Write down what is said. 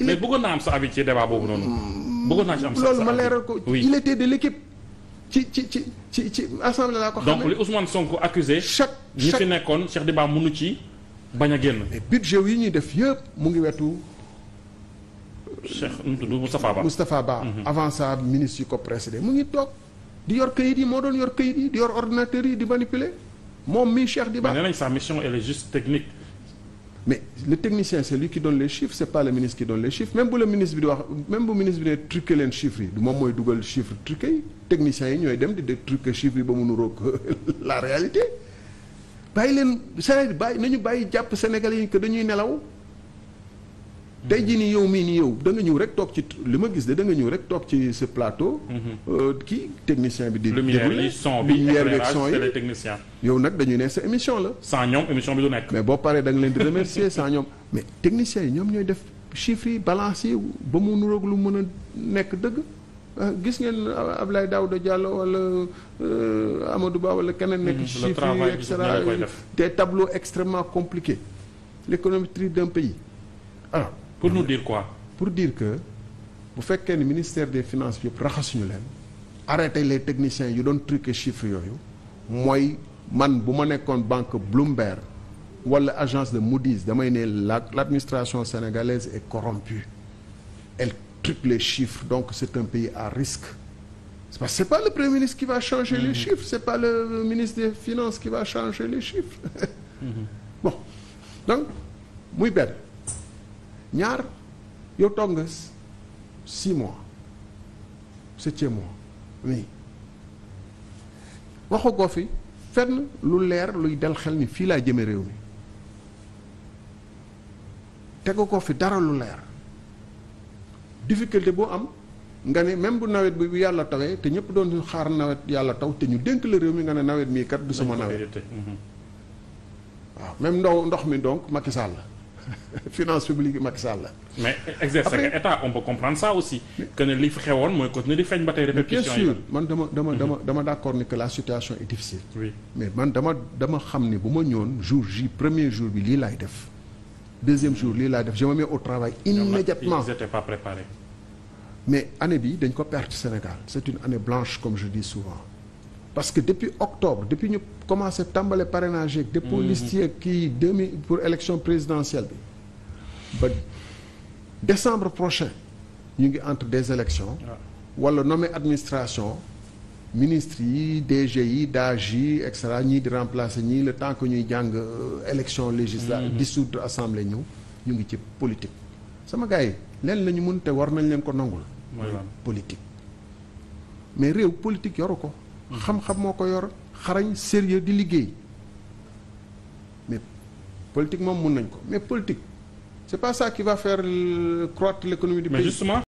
mais bëggoon naa am sa avis ci débat boobu noonu. Hmm. bëggoon naa ci am sa loolu ma leeral ko. il était de l'équipe ci ci ci ci ci assemblée laa ko. xam donc li Ousmane Sonko accusé chaque ñi fi nekkoon Cheikh Diba mënu ci bañ a génn. mais budget yi ñuy def yëpp mu ngi wetu. Euh, Cheikh nu mu tudd Moustapha Ba Moustapha Ba. Mhm. avant ça ministre yi ko précédé mu ngi toog di yor kayit yi moo doon yor kayit yi di yor ordinateur yi di manipuler moom mii Cheikh Diba. mais nee nañ sa mission elle est juste technique. mais le technicien c'est lui qui donne les chiffres c'est pas le ministre qui donne les chiffres même bu la ministre bi di wax même bu ministre bi ne truqué leen chiffres yi moom mooy dugal chiffre truqué yi techniciens yi ñooy dem di de truqué chiffres yi ba mu nuroog la réalité bàyyi leen Sénégal bàyyi nañu bàyyi jàpp sénégal yi que dañuy nelaw tey jii nii yow mii nii yow da nga ñëw rek toog ci li ma gis de da nga ñëw rek toog ci ce plateau. Mm-hmm. Euh, kii technicien bi. di lumière yi son bi lumière bi son yi technicien. yow nag dañuy ne sa émission la. sans ñoom émission bi du nekk. mais boo paree da nga leen di remercier sans ñoom mais technicien yi ñoom ñooy def chiffres yi balance yi ba mu nuroog lu mën a nekk dëgg. Euh, gis ngeen Abdoulaye Daouda Diallo wala euh, Amadou Ba wala keneen nekk. Mm-hmm. chiffres yi et cetera des tableaux extrêmement compliqués l'économétrie d'un pays alors. pour nous dire quoi. pour dire que bu fekkee ni ministère des finances yëpp raxasuñu leen arrêté les techniciens yu doon truquer chiffres yooyu mooy man bu ma nekkoon banque Bloomberg wala agence de Moody's damay ne la l'administration sénégalaise est corrompue elle truque les chiffres donc c'est un pays à risque parce que c'est pas le premier ministre qui va changer mmh. les mm-hmm. c'est pas le ministre des finances qui va changer les chiffres mmh. bon donc muy benn ñaar yow toog nga six mois septième mois waxu ko fi fenn lu leer luy dal xel ni fii laa jëme réew mi tegu ko fi dara lu leer difficulté boo am nga ne même bu nawet bi yàlla tawee te ñëpp doon xaar nawet yàlla taw te ñu dénk la réew mi nga ne nawet mii kat du sama nawet mhm. waaw même ndox mi donc Macky Sall la finance publique Macky Sall mais exercer nga état on peut comprendre ça aussi. que li fi xewoon mooy continuer di feeñ ba tey répétition yi. bien sûr man dama dama mhm. dama dama d'accord ni que la situation est difficile. mais man dama dama xam ni bu ma ñëwoon jour ji premier jour bi lii laay def deuxième jour lii laay def je me mets au travail immédiatement ils étaient mais anne bi dañ ko perte Sénégal c'est une année blanche comme je dis souvent. parce que depuis octobre depuis ñu commencé tàmbale parrainage yeeg dépôt mhm. liste yeeg kii deux mille pour élection présidentielle bi ba décembre prochain ñu ngi entre des élections wala nommé administration ministre yi DG yi DAGE yi et cetera ñii di remplacer ñii le temps que ñuy jàng euh, élection législative mhm. dissoudre assemblée ñu ñu ngi ci politique sama gars yi leen la ñu mën te war nañ leen ko nangul politique mais réew politique yoru ko xam-xam moo ko yor xarañ sérieux di liggéey mais politique moom mun nañ ko mais politique c'est pas ça qui va faire croître l'économie du pays. Mais